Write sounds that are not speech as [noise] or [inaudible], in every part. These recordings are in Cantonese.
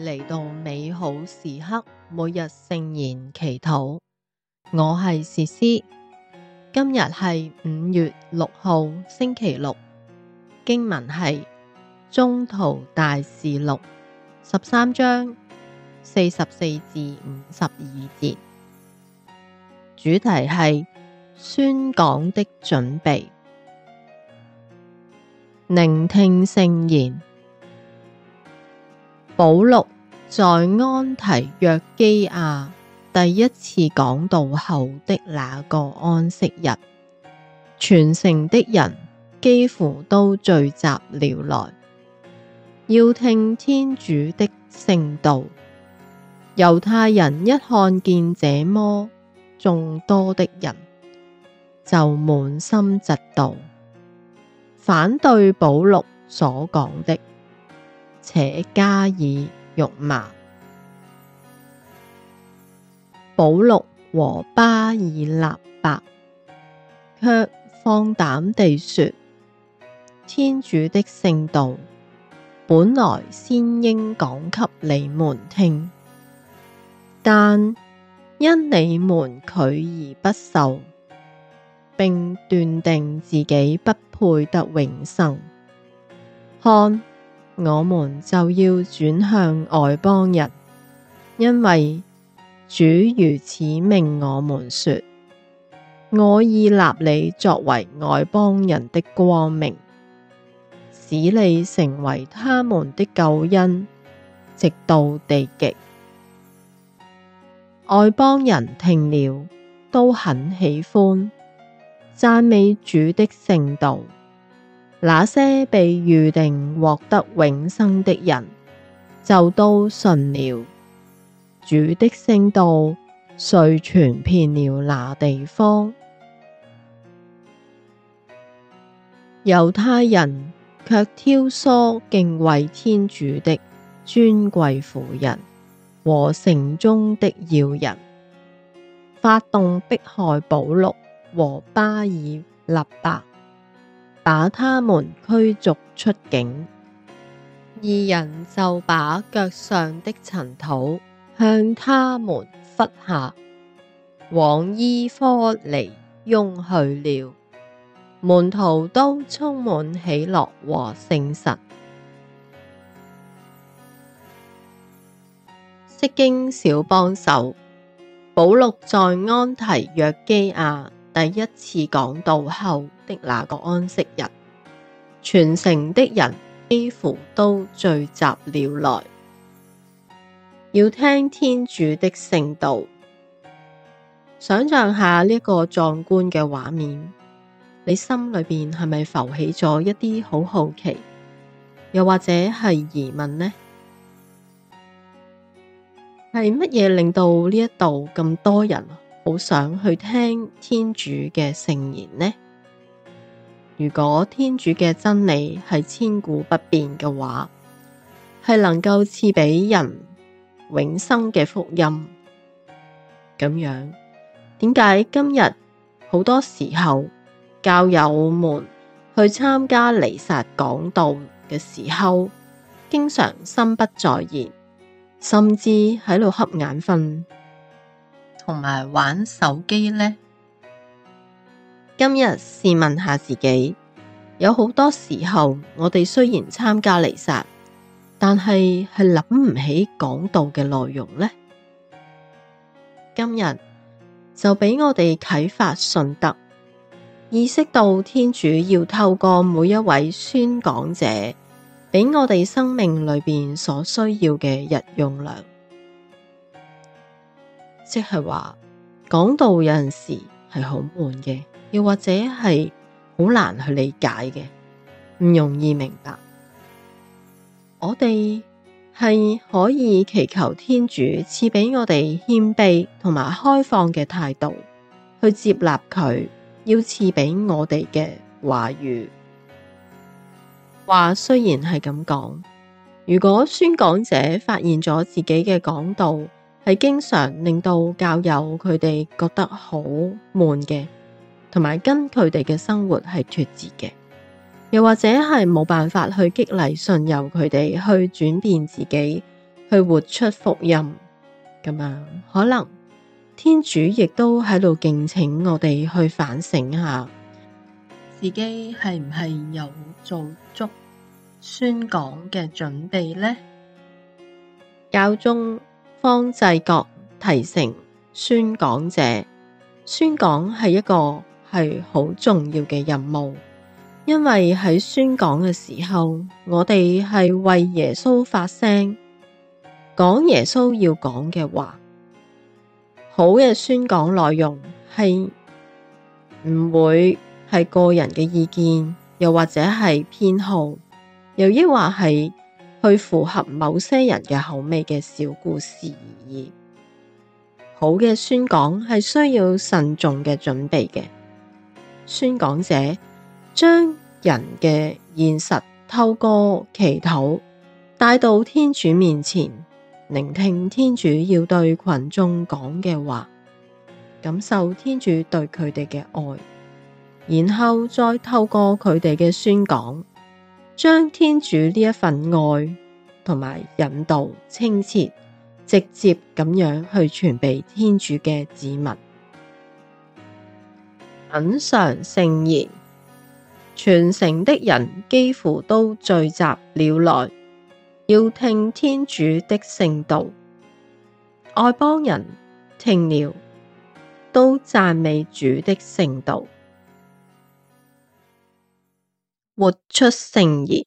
嚟到美好時刻，每日聖言祈禱。我係詩詩，e, 今日係五月六號星期六，經文係《宗徒大事錄》十三章四十四至五十二節，主題係宣講的準備，聆聽聖言。保祿在安提約基雅第一次講道後的那個安息日，全城的人幾乎都聚集了來，要聽天主的聖道。猶太人一看見這麼眾多的人，就滿心嫉妒，反對保祿所講的。且加以辱罵，保祿和巴爾納伯卻放膽地說：天主的聖道本來先應講給你們聽，但因你們拒而不受，並斷定自己不配得永生，看！我們就要轉向外邦人，因為主如此命我們說：我已立你作為外邦人的光明，使你成為他們的救恩，直到地極。外邦人聽了都很喜歡，讚美主的聖道。那些被預定獲得永生的人，就都信了主的聖道，遂傳遍了那地方。猶太人卻挑唆敬畏天主的尊貴婦人和城中的要人，發動迫害保祿和巴爾納伯。把他們驅逐出境，二人就把腳上的塵土向他們拂下，往依科尼雍去了。門徒都充滿喜樂和聖神。釋經小幫手，保祿在安提約基雅。第一次講道後的那個安息日，全城的人幾乎都聚集了來，要聽天主的聖道。想象下呢個壯觀嘅畫面，你心裏邊係咪浮起咗一啲好好奇，又或者係疑問呢？係乜嘢令到呢一度咁多人好想去聽天主嘅聖言呢？如果天主嘅真理係千古不變嘅話，係能夠賜俾人永生嘅福音。咁樣，點解今日好多時候教友們去參加彌撒講道嘅時候，經常心不在焉，甚至喺度瞌眼瞓？同埋玩手機呢？今日試問下自己，有好多時候我哋雖然參加彌撒，但係係諗唔起講道嘅內容呢。今日就俾我哋啟發信德，意識到天主要透過每一位宣講者，俾我哋生命裏邊所需要嘅日用糧。即係話講道有陣時係好悶嘅，又或者係好難去理解嘅，唔容易明白。我哋係可以祈求天主賜俾我哋謙卑同埋開放嘅態度，去接納佢要賜俾我哋嘅話語。話雖然係咁講，如果宣講者發現咗自己嘅講道，係經常令到教友佢哋覺得好悶嘅，同埋跟佢哋嘅生活係脫節嘅，又或者係冇辦法去激勵、信友佢哋去轉變自己，去活出福音咁啊？可能天主亦都喺度敬請我哋去反省下，自己係唔係有做足宣講嘅準備呢？教宗。方濟各提醒宣講者，宣講係一個係好重要嘅任務，因為喺宣講嘅時候，我哋係為耶穌發聲，講耶穌要講嘅話。好嘅宣講內容係唔會係個人嘅意見，又或者係偏好，又抑或係。去符合某些人嘅口味嘅小故事而已。好嘅宣講係需要慎重嘅準備嘅。宣講者將人嘅現實透過祈禱帶到天主面前，聆聽天主要對群眾講嘅話，感受天主對佢哋嘅愛，然後再透過佢哋嘅宣講，將天主呢一份愛同埋引導、清晰、直接咁樣去傳俾天主嘅子民，品嚐聖言，全城的人幾乎都聚集了來，要聽天主的聖道，外邦人聽了，都讚美主的聖道。活出聖言，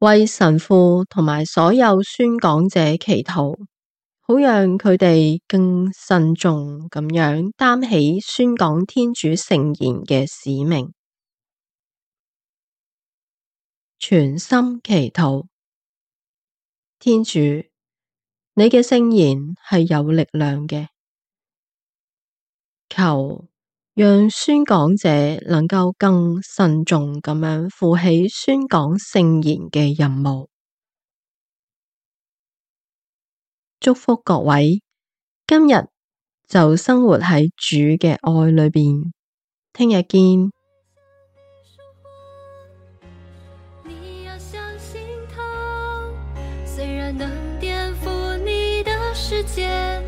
為神父同埋所有宣講者祈禱，好讓佢哋更慎重咁樣擔起宣講天主聖言嘅使命。全心祈禱，天主，你嘅聖言係有力量嘅，求。讓宣講者能夠更慎重咁樣負起宣講聖言嘅任務。祝福各位，今日就生活喺主嘅愛裏邊，聽日見。 [music]